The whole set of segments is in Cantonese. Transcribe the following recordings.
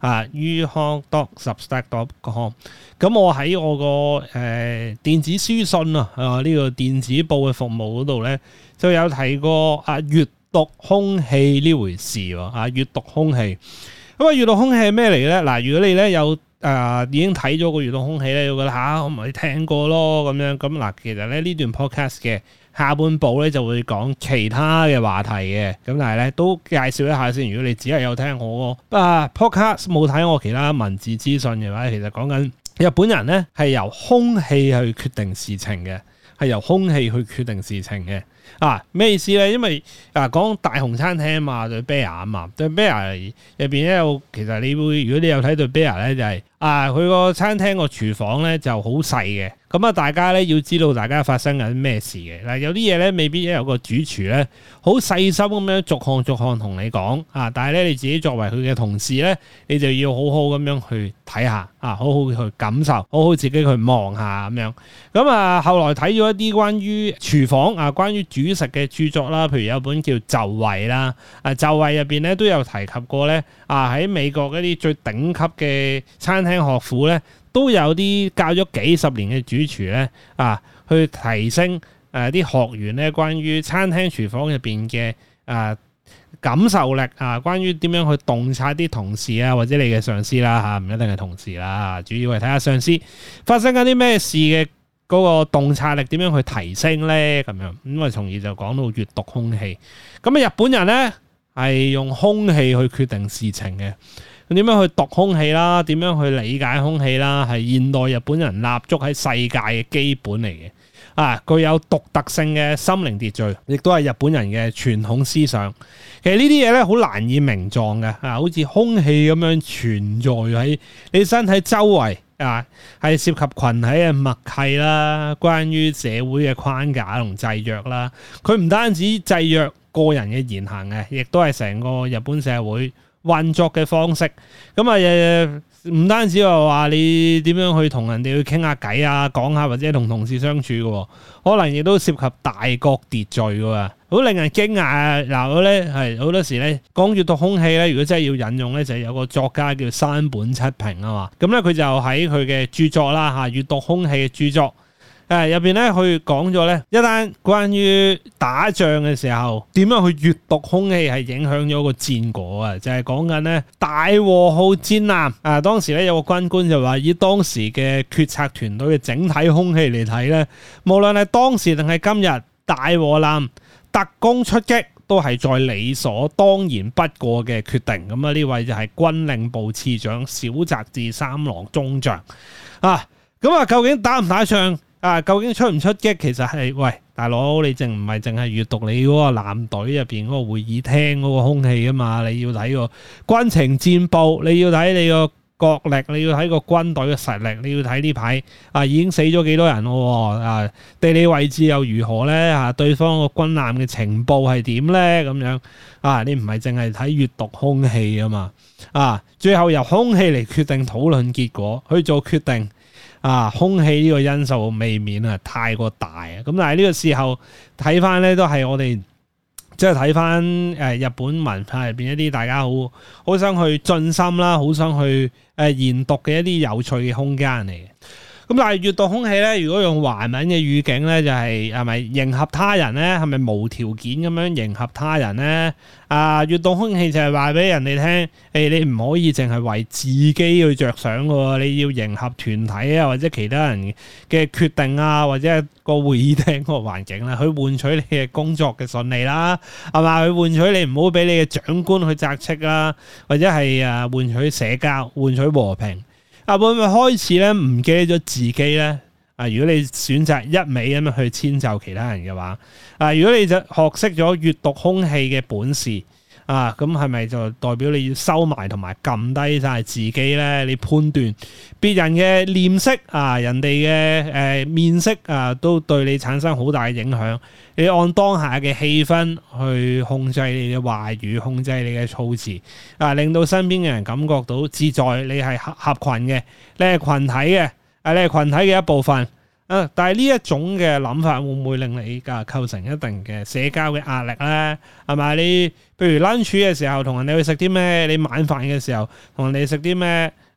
啊 uhealthdoc.substack.com 咁我喺我個誒電子書信啊，啊呢個電子報嘅服務嗰度咧，就有睇過啊閱讀空氣呢回事喎。啊，閱讀空氣。咁啊，閱讀空氣係咩嚟嘅咧？嗱，如果你咧有啊已經睇咗個閱讀空氣咧，你覺得吓我咪聽過咯咁樣。咁嗱，其實咧呢段 podcast 嘅。下半部咧就會講其他嘅話題嘅，咁但係咧都介紹一下先。如果你只係有聽我啊 Podcast 冇睇我其他文字資訊嘅話，其實講緊日本人咧係由空氣去決定事情嘅，係由空氣去決定事情嘅。啊咩意思咧？因為啊講大紅餐廳嘛，對 bear 嘛，對 bear 入邊咧，有。其實你會如果你有睇對 bear 咧，就係、是、啊佢個餐廳個廚房咧就好細嘅。咁啊，大家咧要知道大家發生緊咩事嘅嗱，有啲嘢咧未必有一個主廚咧好細心咁樣逐項逐項同你講啊，但係咧你自己作為佢嘅同事咧，你就要好好咁樣去睇下啊，好好去感受，好好自己去望下咁樣。咁啊，後來睇咗一啲關於廚房啊，關於煮食嘅著作啦，譬如有本叫《就位》啦，啊《就位》入邊咧都有提及過咧啊，喺美國嗰啲最頂級嘅餐廳學府咧。都有啲教咗幾十年嘅主廚咧，啊，去提升誒啲、呃、學員咧，關於餐廳廚房入邊嘅誒感受力啊，關於點樣去洞察啲同事啊，或者你嘅上司啦嚇，唔、啊、一定係同事啦、啊，主要係睇下上司發生緊啲咩事嘅嗰個洞察力點樣去提升咧咁樣，咁啊從而就講到閲讀空氣。咁啊日本人咧係用空氣去決定事情嘅。點樣去讀空氣啦？點樣去理解空氣啦？係現代日本人立足喺世界嘅基本嚟嘅啊！具有獨特性嘅心靈秩序，亦都係日本人嘅傳統思想。其實呢啲嘢咧，好難以名狀嘅啊！好似空氣咁樣存在喺你身體周圍啊，係涉及群體嘅默契啦，關於社會嘅框架同制約啦。佢唔單止制約個人嘅言行嘅，亦都係成個日本社會。運作嘅方式，咁、嗯、啊，唔單止話話你點樣去同人哋去傾下偈啊，講下或者同同事相處嘅，可能亦都涉及大國秩序嘅，好令人驚訝啊！嗱，我咧係好多時咧講閱讀空氣咧，如果真係要引用咧，就係、是、有個作家叫山本七平啊嘛，咁咧佢就喺佢嘅著作啦吓，閱讀空氣嘅著作。誒入邊咧，佢講咗咧一單關於打仗嘅時候點樣去閲讀空氣係影響咗個戰果啊！就係講緊呢大和號戰艦啊，當時咧有個軍官就話，以當時嘅決策團隊嘅整體空氣嚟睇呢，無論係當時定係今日，大和艦特攻出擊都係再理所當然不過嘅決定。咁啊，呢位就係軍令部次長小澤治三郎中將啊。咁、嗯、啊，究竟打唔打仗？啊，究竟出唔出擊？其實係喂，大佬，你淨唔係淨係閲讀你嗰個艦隊入邊嗰個會議廳嗰個空氣啊嘛？你要睇個軍情戰報，你要睇你個國力，你要睇個軍隊嘅實力，你要睇呢排啊已經死咗幾多人咯喎！啊，地理位置又如何咧？嚇、啊，對方個軍艦嘅情報係點咧？咁樣啊，你唔係淨係睇閲讀空氣啊嘛？啊，最後由空氣嚟決定討論結果，去做決定。啊，空氣呢個因素未免啊，太過大啊！咁但係呢個時候睇返呢都係我哋即係睇返誒日本文化入邊一啲大家好好想去進心啦、啊，好想去誒、呃、研讀嘅一啲有趣嘅空間嚟嘅。咁但係閱讀空氣咧，如果用華文嘅語境咧，就係係咪迎合他人咧？係咪無條件咁樣迎合他人咧？啊，閱讀空氣就係話俾人哋聽，誒、欸，你唔可以淨係為自己去着想嘅喎，你要迎合團體啊，或者其他人嘅決定啊，或者個會議廳個環境啦，去換取你嘅工作嘅順利啦，係嘛？去換取你唔好俾你嘅長官去責斥啦，或者係啊，換取社交，換取和平。會唔會開始咧，唔記得咗自己咧啊！如果你選擇一味咁去遷就其他人嘅話，啊！如果你就學識咗閲讀空氣嘅本事。啊，咁係咪就代表你要收埋同埋撳低晒自己呢？你判斷別人嘅臉色啊，人哋嘅誒面色啊，都對你產生好大嘅影響。你按當下嘅氣氛，去控制你嘅話語，控制你嘅措辭啊，令到身邊嘅人感覺到自在你。你係合合群嘅，啊，你係群體嘅，誒，你係群體嘅一部分。啊，但係呢一種嘅諗法會唔會令你依家構成一定嘅社交嘅壓力呢？係咪？你譬如 lunch 嘅時候同人哋去食啲咩？你晚飯嘅時候同人哋食啲咩？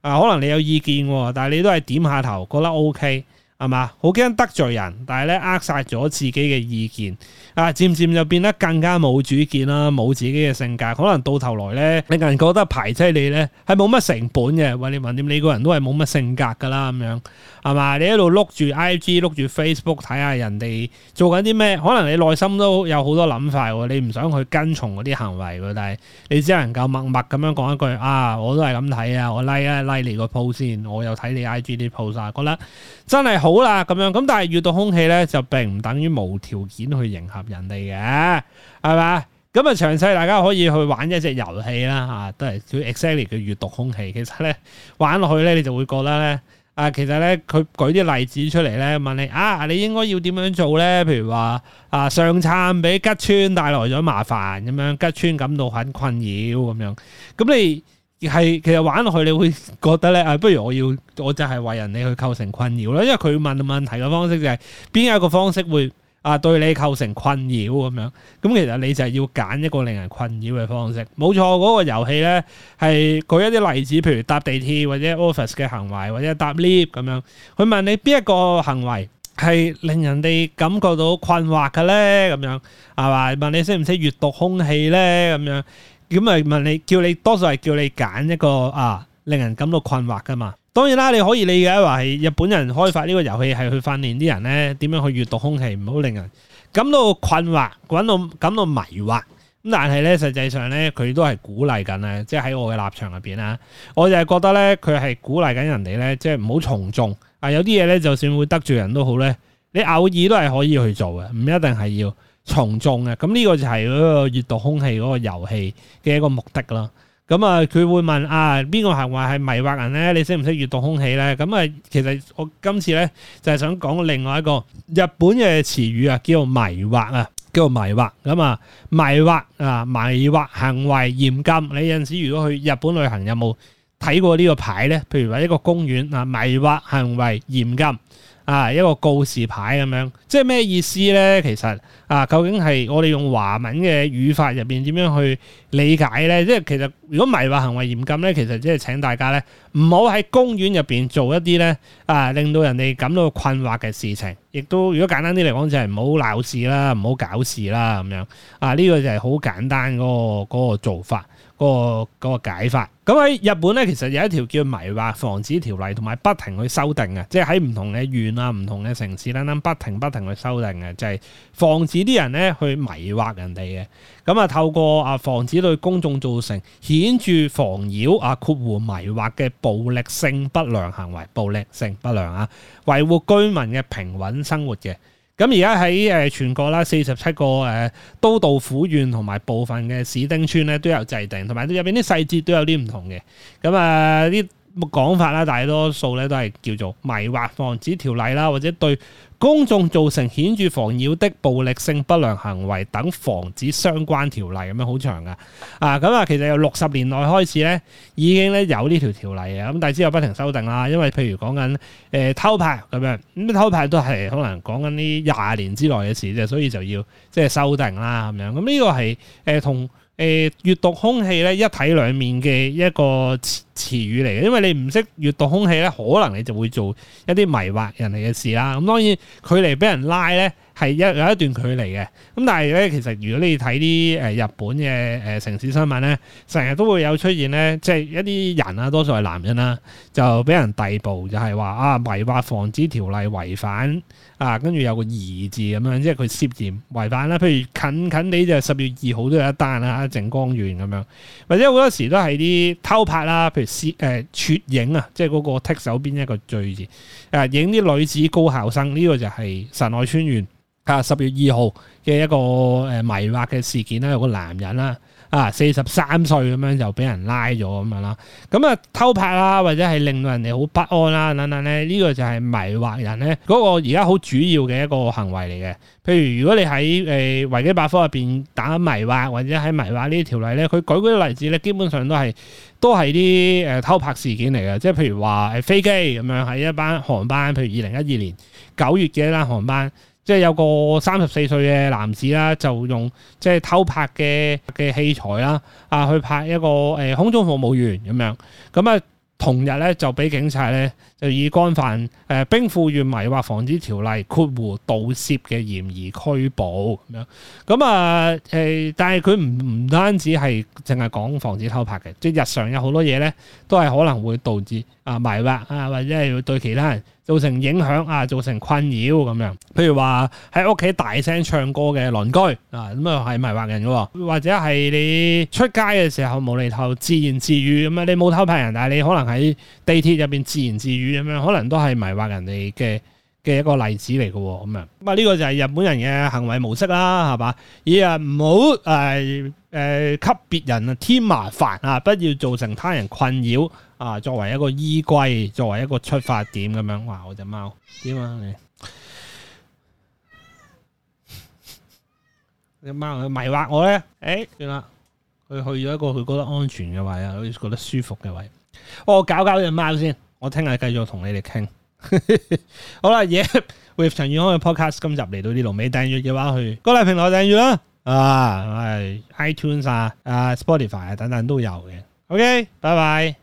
啊，可能你有意見喎，但係你都係點下頭，覺得 OK。係嘛？好驚得罪人，但係咧扼殺咗自己嘅意見啊！漸漸就變得更加冇主見啦，冇自己嘅性格。可能到頭來咧，令人覺得排擠你咧，係冇乜成本嘅。喂，你問點？你個人都係冇乜性格㗎啦，咁樣係嘛？你一路碌住 IG、碌住 Facebook 睇下人哋做緊啲咩？可能你內心都有好多諗法喎，你唔想去跟從嗰啲行為喎，但係你只能夠默默咁樣講一句啊！我都係咁睇啊！我 like 一 like 你個 post 先，我又睇你 IG 啲 post 啊，覺得真係好～好啦，咁樣咁，但係閱讀空氣呢，就並唔等於無條件去迎合人哋嘅，係咪？咁啊，詳細大家可以去玩一隻遊戲啦，吓、啊、都係叫 exactly 嘅閱讀空氣。其實呢，玩落去呢，你就會覺得呢，啊，其實呢，佢舉啲例子出嚟，呢，問你啊，你應該要點樣做呢？」譬如話啊，上餐俾吉川帶來咗麻煩，咁樣吉川感到很困擾，咁樣，咁你。係，其實玩落去你會覺得咧，啊，不如我要我就係為人哋去構成困擾啦。因為佢問問題嘅方式就係邊一個方式會啊對你構成困擾咁樣。咁其實你就係要揀一個令人困擾嘅方式，冇錯。嗰個遊戲咧係舉一啲例子，譬如搭地鐵或者 office 嘅行為或者搭 lift 咁樣，佢問你邊一個行為係令人哋感覺到困惑嘅咧，咁樣係嘛？問你識唔識閱讀空氣咧，咁樣。咁咪問你，叫你多數係叫你揀一個啊，令人感到困惑噶嘛。當然啦，你可以理解話係日本人開發呢個遊戲係去訓練啲人咧，點樣去閱讀空氣，唔好令人感到困惑，感到感到迷惑。咁但係咧，實際上咧，佢都係鼓勵緊咧，即係喺我嘅立場入邊啦。我就係覺得咧，佢係鼓勵緊人哋咧，即係唔好從眾。啊，有啲嘢咧，就算會得罪人都好咧，你偶爾都係可以去做嘅，唔一定係要。從眾啊！咁呢、這個就係嗰個閲讀空氣嗰個遊戲嘅一個目的咯。咁、嗯、啊，佢會問啊，邊個行為係迷惑人咧？你識唔識閲讀空氣咧？咁、嗯、啊，其實我今次咧就係、是、想講另外一個日本嘅詞語啊，叫迷惑啊，叫迷惑。咁、嗯、啊，迷惑啊，迷惑行為嚴禁。你有陣時如果去日本旅行，有冇睇過呢個牌咧？譬如話一個公園啊，迷惑行為嚴禁。啊，一個告示牌咁樣，即係咩意思呢？其實啊，究竟係我哋用華文嘅語法入邊點樣去理解呢？即係其實如果迷惑行為嚴禁呢，其實即係請大家呢唔好喺公園入邊做一啲呢啊，令到人哋感到困惑嘅事情，亦都如果簡單啲嚟講就係唔好鬧事啦，唔好搞事啦咁樣。啊，呢個就係好簡單嗰個嗰個做法，嗰個嗰個解法。咁喺日本咧，其實有一條叫迷惑防止條例，同埋不停去修訂嘅，即係喺唔同嘅縣啊、唔同嘅城市等等，不停不停去修訂嘅，就係、是、防止啲人咧去迷惑人哋嘅。咁啊，透過啊防止對公眾造成顯著妨擾啊、括弧迷惑嘅暴力性不良行為、暴力性不良啊，維護居民嘅平穩生活嘅。咁而家喺誒全國啦，四十七個誒都道府縣同埋部分嘅市町村咧都有制定，同埋入邊啲細節都有啲唔同嘅。咁啊，啲講法啦，大多數咧都係叫做迷惑防止條例啦，或者對。公眾造成顯著妨擾的暴力性不良行為等，防止相關條例咁樣好長噶。啊，咁啊，其實由六十年代開始咧，已經咧有呢條條例啊。咁但係之後不停修訂啦，因為譬如講緊誒偷拍咁樣，咁偷拍都係可能講緊呢廿年之內嘅事啫，所以就要即係修訂啦咁樣。咁、嗯、呢、這個係誒、呃、同。誒、呃，閱讀空氣咧，一體兩面嘅一個詞詞語嚟嘅，因為你唔識閱讀空氣咧，可能你就會做一啲迷惑人哋嘅事啦。咁當然距離俾人拉咧。係有有一段距離嘅，咁但係咧，其實如果你睇啲誒日本嘅誒城市新聞咧，成日都會有出現咧，即係一啲人啊，多數係男人啦，就俾人逮捕，就係話啊，迷惑防止條例違反，啊，跟住有個疑字咁樣，即係佢涉嫌違反啦。譬如近近啲就十月二號都有一單啦，靜岡縣咁樣，或者好多時都係啲偷拍啦，譬如攝誒撮影啊，即係嗰個剔手邊一個最字啊，影啲女子高校生，呢個就係神奈川縣。啊！十月二號嘅一個誒迷惑嘅事件啦，有個男人啦，啊四十三歲咁樣就俾人拉咗咁樣啦。咁啊偷拍啦，或者係令到人哋好不安啦等等咧，呢、這個就係迷惑人咧嗰個而家好主要嘅一個行為嚟嘅。譬如如果你喺誒維基百科入邊打迷惑，或者喺迷惑呢條例咧，佢舉嗰啲例子咧，基本上都係都係啲誒偷拍事件嚟嘅，即係譬如話誒飛機咁樣喺一班航班，譬如二零一二年九月嘅一班航班。即係有個三十四歲嘅男子啦，就用即係偷拍嘅嘅器材啦，啊去拍一個誒空中服務員咁樣。咁啊同日咧就俾警察咧就以干犯誒《兵庫縣迷惑防止條例》括弧盜竊嘅嫌疑拘捕咁樣。咁啊誒，但係佢唔唔單止係淨係講防止偷拍嘅，即係日常有好多嘢咧都係可能會導致啊迷惑啊，或者係要對其他人，造成影響啊，造成困擾咁樣。譬如話喺屋企大聲唱歌嘅鄰居啊，咁啊係迷惑人嘅。或者係你出街嘅時候無厘頭自言自語咁樣，你冇偷拍人，但係你可能喺地鐵入邊自言自語咁樣，可能都係迷惑人哋嘅嘅一個例子嚟嘅咁樣。咁啊呢個就係日本人嘅行為模式啦，係吧？你啊唔好誒誒給別人添麻煩啊，不要造成他人困擾。啊，作為一個依歸，作為一個出發點咁樣話，我隻貓點啊？你隻貓去迷惑我咧？誒、欸，算啦，佢去咗一個佢覺得安全嘅位啊，佢覺得舒服嘅位。我搞搞隻貓先，我聽日繼續同你哋傾。 好啦，耶、yep,！With 陳宇康嘅 Podcast，今集嚟到呢度，未訂閱嘅話去各大平台訂閱啦。啊，係、啊、iTunes 啊，啊 Spotify 啊等等都有嘅。OK，拜拜。